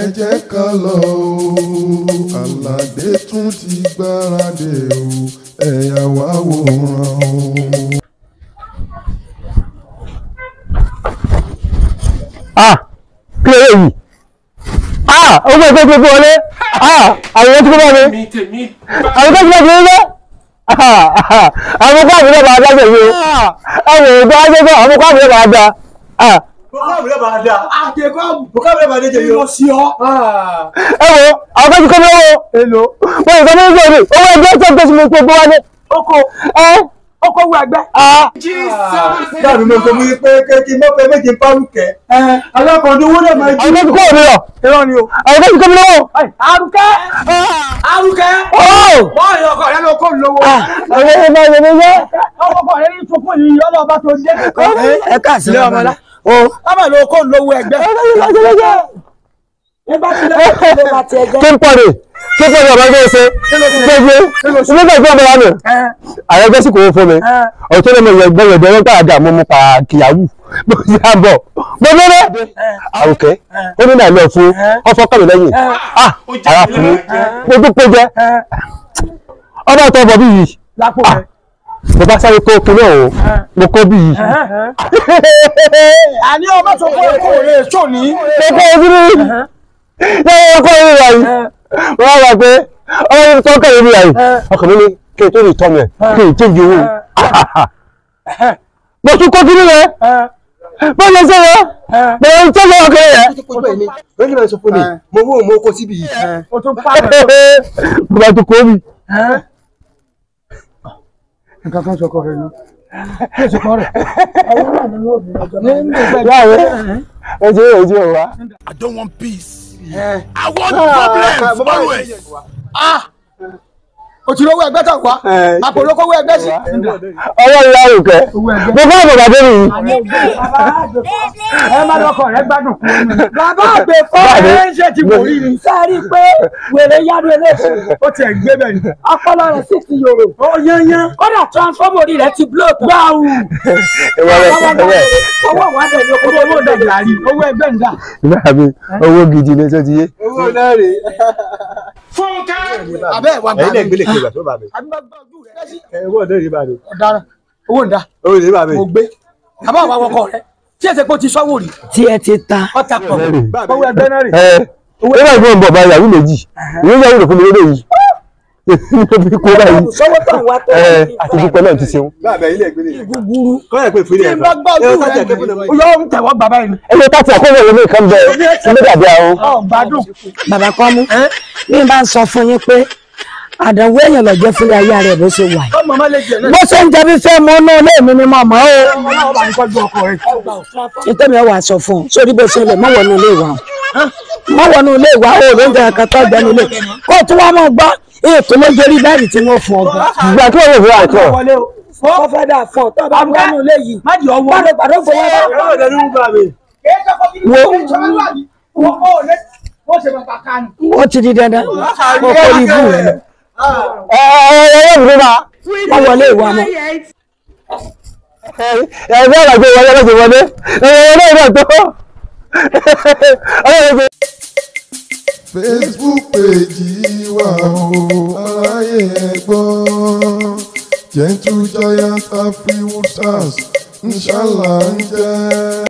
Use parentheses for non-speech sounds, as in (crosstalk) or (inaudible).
ẹ jẹ́ ká lọ o Àlàdé tún ti gbáradì o ẹ̀yà wá wòran o. ah kílẹ̀ yìí ah ó fẹ́ tó tó wọlé ah àwọn tó bá mi àwọn tó bá mi lọ àwọn káàbù náà bá a dá pẹ̀lú àwọn òògùn ajẹ́gbọ́n àwọn káàbù náà bá a dá ah bùkábù rẹ̀ bàá dà. àdèkọ́bù bùkábù rẹ̀ bàá dé jẹ̀yọ́. ìlọ sí ọ. ẹ wo àwọn fẹ́ẹ́ fi mi lọ́wọ́. èlò wọ́n ìgbà mi ń sọ̀rọ̀ owó ẹgbẹ́ tó wa ni. oko ẹ oko wu ẹgbẹ́. Ah. dáàbì mo sọ fún yín pé mọ́pẹ́ méje ń párù kẹ́. alákọ̀ọ́dún owó máa jí. àwọn fẹ́ẹ́ mi lọ́wọ́. àrùkẹ́ àrùkẹ́ ah. oh. wọ́n yọ ọkọ̀ ló kó lówó. Ah. ọ̀rẹ́ mi máa yẹ mi yẹ ọmọ ìlú okó lówó ẹgbẹ́. kí n pọ̀rẹ̀ kí n pọ̀rẹ̀ ọ̀rọ̀ ẹgbẹ́ ṣe gbẹ́gbẹ́ nígbà ìgbẹ́ ọmọ wa nù. ààrẹ gbẹ́sì kò fún mi ọ̀tún ní mo yẹ gbẹ́ yẹ gbẹ́rẹ́ gbàdà mo mú pa kìyàwó mo ti à ń bọ̀ gbẹ́gbẹ́rẹ́ àrùkẹ́ ó ní nàìjíríà fún ọfọ́ kàmì lẹ́yìn ah, ara fún mi mo tún péjẹ ọba tó bọ̀ bí yìí. lápò ah, rẹ̀ mo bá sáré kó kí náà ah. mo kó bí yìí. Ah. àní ọmọ tó kọ́ ẹ̀kọ́ rẹ̀ ṣò ní. mo kọ́ ojú ní lọ́wọ́ ẹ̀kọ́ rẹ̀ rà yìí pé ọmọ mi tọ́kọ̀ rẹ̀ rà yìí ọkàn mi ní kí n tó lè tọ́ mi ẹ̀ ah. kí n tó yẹ owó. mo tún kó kí nílẹ̀ bó ṣe sọ̀rọ̀ mo ń tọ́lọ́ ọkọ̀ rẹ̀. wọ́n ní bá sọ fún mi mo mo kó síbi yìí. mo tún pa (laughs) nǹkan kan sọkọ rẹ ni yóò sọkọ rẹ àwọn ojú ojú wa. I don't want peace. Yeah. I want problems always. Ah. ah òtúrówó ẹgbẹ́ tàn wá àpòlókówó ẹgbẹ́ sí. ọwọ́ ìyá òkè mo fẹ́ bàbá tó nìyí. ẹ má lọkọ rẹ gbádùn. bàbá àgbè fọ́ ẹ ń ṣe ti wò rí ni. sáré pé wèrè yánu eléṣe. ó tiẹ̀ gbé bẹ̀ ni. ọpọlọ rẹ sì ti yòrò. ó yányán. kódà transform orí rẹ ti blow tó. gbáwù. ìwọ rẹ sọ wa dẹ̀ ló owó ẹgbẹ́ ń dà. owó gidi ni sọ ti yé. owó náà rèé fúnkẹ́. abẹ́ ẹ̀ wá gbà mí. ẹ̀yin náà gbélé kí o gbà tó bá mi. owó ò ní bá mi. ọ̀daràn owó ń da. owó ò ní bá mi. mo gbé bàbá àwa wọkọ rẹ tí ẹ ṣe pé o ti sọ́wọ́ rí. tí ẹ ti ta. ọ̀tà pọ̀ owó ẹgbẹ́ náà rè. owó ẹgbẹ́ náà rè. owó ẹgbẹ́ náà rè níbi kó báyìí àti dúpẹ́ náà ti ṣeun. ìgúgúrú tí n bá gbádùn rẹ nìyí ó yọ ń tẹ̀wọ́ bàbá yìí. ẹni tá ti àkóso ìlú nìkan bẹ ilé dàbí àwọn. gbádùn bàbá kan mú bí n bá ń sọ fún yín pé àdánwò èèyàn lọ́jọ́ fúnra ayé rẹ̀ bó ṣe wà yìí bó ṣe ń jẹbi fẹ́ mọ́ náà lẹ́ẹ̀mí ni mo mọ̀ ọ́ ìtẹ́mi ẹ̀ wà sọ fún un sórí bó ṣe lè mọ̀ wọnú ilé wa mọ̀ wọnú ilé wa ó lóúnjẹ kan tó gbẹnu ilé kó tún wá mọ̀ gbọ́ ètò lọ́jọ́rí báyìí tí wọ́n fún ọgbà. ìgbà tó wọ́n wọ́n àtọ̀. fọ́ fẹ́dà fọ́ tó bá wọ́n léyìí. má jẹ́ ọwọ́ rẹ̀ gbàdọ́ fún wọn. wọ́n ti di dandan kó kó rí ibú rẹ̀. ẹ yóò dúró bá wọ́n wọlé ìwà mọ́. ẹ ẹ bí àgbàgbé wọlé ẹ lọ́sẹ̀ wọlé ẹ ẹ lọ́sẹ̀ tó. Facebook page wa o aráyé ẹ̀gbọ́n Gentle Giant Afriwood Stars inshallah